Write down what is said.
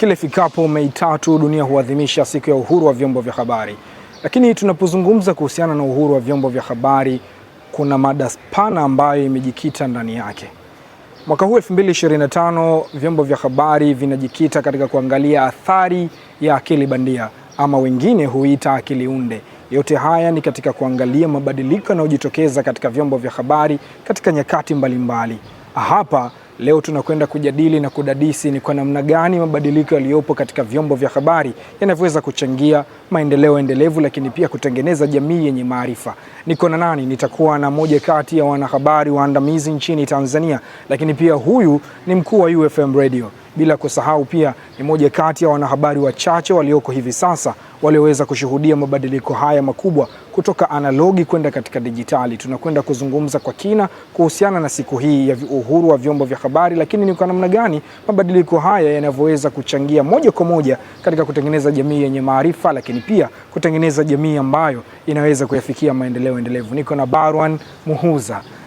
Kila ifikapo Mei tatu dunia huadhimisha siku ya uhuru wa vyombo vya habari, lakini tunapozungumza kuhusiana na uhuru wa vyombo vya habari kuna mada pana ambayo imejikita ndani yake. Mwaka huu 2025 vyombo vya habari vinajikita katika kuangalia athari ya akili bandia ama wengine huita akili unde. Yote haya ni katika kuangalia mabadiliko yanayojitokeza katika vyombo vya habari katika nyakati mbalimbali mbali. Hapa Leo tunakwenda kujadili na kudadisi ni kwa namna gani mabadiliko yaliyopo katika vyombo vya habari yanavyoweza kuchangia maendeleo endelevu, lakini pia kutengeneza jamii yenye maarifa. Niko na nani? Nitakuwa na moja kati ya wanahabari waandamizi nchini Tanzania, lakini pia huyu ni mkuu wa UFM Radio bila kusahau pia ni moja kati ya wanahabari wachache walioko hivi sasa walioweza kushuhudia mabadiliko haya makubwa kutoka analogi kwenda katika dijitali. Tunakwenda kuzungumza kwa kina kuhusiana na siku hii ya uhuru wa vyombo vya habari, lakini ni kwa namna gani mabadiliko haya yanavyoweza kuchangia moja kwa moja katika kutengeneza jamii yenye maarifa, lakini pia kutengeneza jamii ambayo inaweza kuyafikia maendeleo endelevu. Niko na Barwan Muhuza.